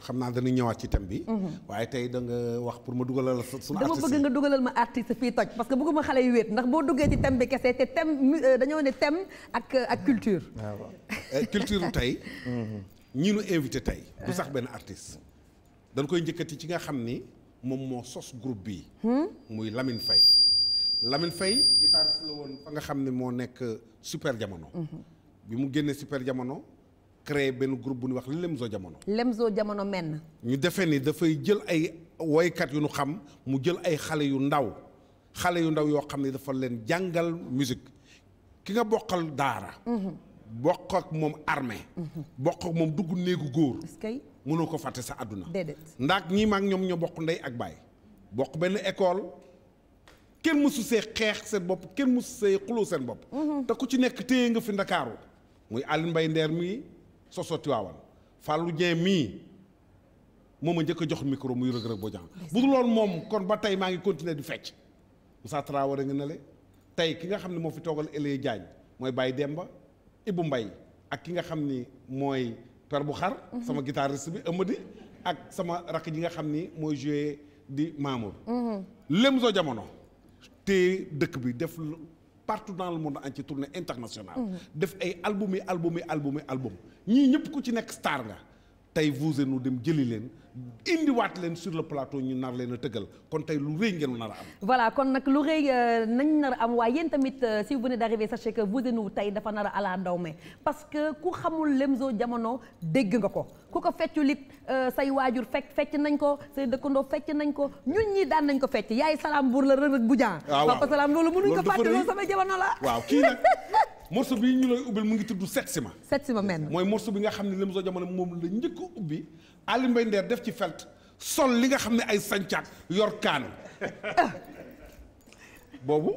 xam naa dañu ñëwaat ci thème bi. waaye tey da nga wax pour ma dugalal la sunu artiste dama bëgg nga ma artiste fii toj parce que bëgguma xale yu wéet ndax boo duggee ci thème bi kese te thème euh, dañoo ne thème ak ak culture. Ah, eh, culture tey. ñi invité tey. du sax benn artiste. dañ koy njëkkati ci nga xam ni moom moo sos groupe bi hmm? muy lamin Faye. Lamine Faye guitariste la woon fa nga xam ne moo nekk super jamono. Hmm. bi mu génnee super jamono. créé benn group bu ñu wax Lemzo Jamono. Lemzo Jamono menn. ñu defee ni dafay jël ay woykat yu ñu xam mu jël ay xale yu ndaw xale yu ndaw yoo xam ne dafa leen jàngal musique ki nga boqal daara. Mhm. boq ak moom armée. Mhm. boq ak moom dugg néegu góor. mënoo ko fàtte sa àdduna. déedéet ndax ñii maak ñoom ñoo bokk ndey ak baay. bokk benn école kenn mësu see xeex seen bopp kenn mësu see xuloo seen bopp. Mhm. te ku ci nekk téye nga fi ndakaaru muy Alioune Mbaye Nder mii. soso Tiwaawan Fallou Dieng mii moom a njëkk a jox micro muy Reug Reug Bodian bu dul loon moom kon ba tey maa ngi continuer di fecc Moussa Traoré nga ne le tey ki nga xam ne moo fi toogal Elie Diagne mooy Baye Demba Ibou mbay ak ki nga xam ni mooy per bu xar mhm. sama guitariste bi Amady ak sama rakk ji nga xam ni mooy joué di Mamour lém mhm. soo jamono te dëkk bi def partout dans le monde entier tournée internationale. Mmh. def ay album yi album yi album yi album ñii ñëpp ku ci nekk star nga. tey vous et nous dem jëli leen indiwaat leen sur le plateau ñu nar leen a tëggal kon tey lu rëy ngeen nar a am. voilà kon nag lu rëy euh, nañ nar a am waaye yéen tamit euh, si vous venez d'arriver sachez que vous et nous tey dafa nar a ala ndaw me parce que ku xamul Lemzo jamono dégg nga ko ku ko feccul it euh, say waajur fecc fecc nañ ko say dëkkandoo fecc nañ ko ñun ñi daan nañ ko fecc yaay salaam buur la rërëg bu jaan. waaw ah, waaw papa salaam loolu mënuñ ko fàtte loolu sama jamono la. morceau bi ñu lay ubbil mu ngi tudd Setsima. Setsima men mooy morceau bi nga xam ne Lemzo Diamono moom la njëkk a ubbi Aly Mbaye Nder def ci felt sol li nga xam ne ay sancaat yor kaan boobu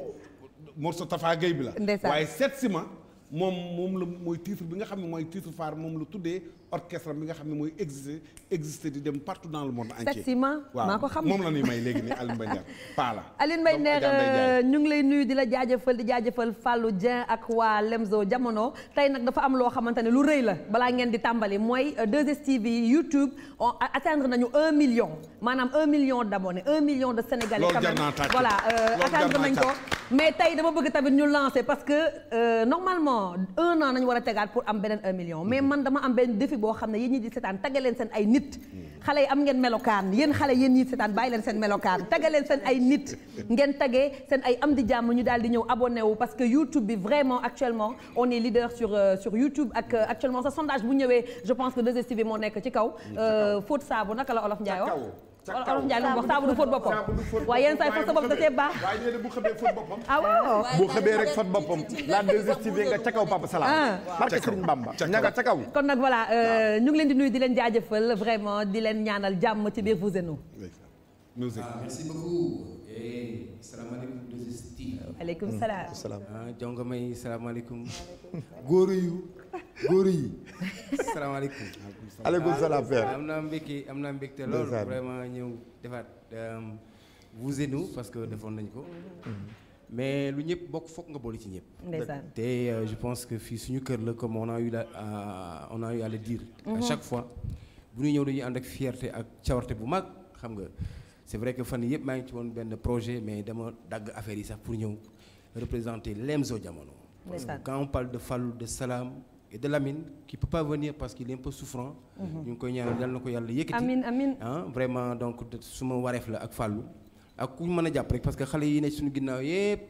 morceau Tafa Gueye bi la. waaye Setsima. moom moom la mooy titre bi nga xam ne mooy titre phare moom lu tuddee orchestre bi nga xam ne mooy existé existé di dem partout dans le monde entier effectivement maa ko xam moom la ñuy may léegi nii Aline Mbaye Nder paa Aline Mbaye Nder ñu ngi lay nuyu di la jaajëfal di jaajëfal Fallou Dieng ak waa Lemzo Jamono tey nag dafa am loo xamante ne lu rëy la balaa ngeen di tàmbali mooy euh, 2STV YouTube on atteindre nañu un million maanaam un million d'abonnés un million de Sénégalais quand même voilà euh, atteindre nañ ko mais tey dama bëgg tamit ñu lancer parce que euh, normalement un an nañu war a tegaat pour am beneen un million. mais man dama am benn defi boo xam ne yéen ñi di seetaan tagga leen seen ay nit. xale yi am ngeen melokaan yéen xale yéen ñi seetaan bàyyi leen seen melokaan tagga leen seen ay nit ngeen tagee seen ay am di jàmm ñu daal di ñëw abonné wu parce que YouTube bi vraiment actuellement on est leader sur euh, sur YouTube ak euh, actuellement sa sondage bu ñëwee je pense que 2STV moo nekk ci kaw. Euh, Fóot saabu naka la Olof wala olof Ndiaye wax saabu du fóot boppam waaye yenn saa yi fóot sa bopp da see baax bu xëbee fóot boppam ah waaw bu xëbee rek la nga ca kaw Papa Salam ah. barke Serigne Bamba ña nga ca kaw kon nag voilà euh, ñu ngi leen di nuy di leen jaajëfal vraiment di leen ñaanal jàmm ci biir vous et nous ah, merci beaucoup eh, salaamaaleykum 2 salaam hmm, ah, jongo may salaamaaleykum góor yu góor yi salaamaaleykum aleykum salaam père am na mbégte am na mbégte loolu vraiment ñëw defaat euh, vous et nous parce que defoon nañ ko mm-hmm. mais lu ñëpp bokk foog nga boole ci ñëpp te euh, je pense que fii suñu kër la comme on a eu la euh, on a eu à le dire à mm-hmm. chaque fois bu ñuy ñëw dañuy ànd ak fierté ak cawarte bu mag xam nga c'est vrai que fan yii yëpp maa ngi ci woon benn projet mais dama dagg affaire yi sax pour ñëw représenter Lemzo Diamono parce que quand parle de Fallou de Salam et de Lamine qui peut venir parce qu'il est un peu mhm. ñu ngi koy ñaanal yal na ko yàlla yëkkati. amiin amiin ah vraiment donc suma wareef la ak Fallou. ak ku mën a jàpp rek parce que xale yi ne suñu ginnaaw yëpp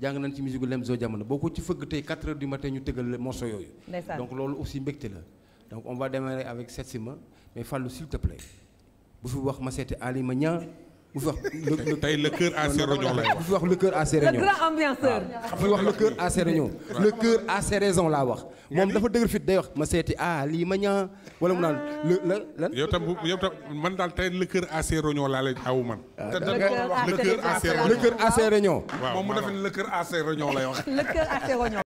jàng nañ ci musique gu Lemzo jamono boo ko ci fëgg tey 4 heures du matin ñu tëggal morceau yooyu. donc loolu aussi mbégte la. donc on va démarrer avec Setsima mais Fallou s'il te bu fi wax ma seeti Alima bu fi wax le tey le cœur à ses raisons lay wax bu fi wax le cœur à ses raisons le grand ambianceur bu fi wax laa wax moom dafa dëgër day wax ma seeti ah lii ma ñaa wala mu naan le la lan yow tam yow tam man daal tey le cœur à ses raisons laa lay awu man le cœur à ses raisons le cœur à moom mu def le cœur à ses lay wax le cœur à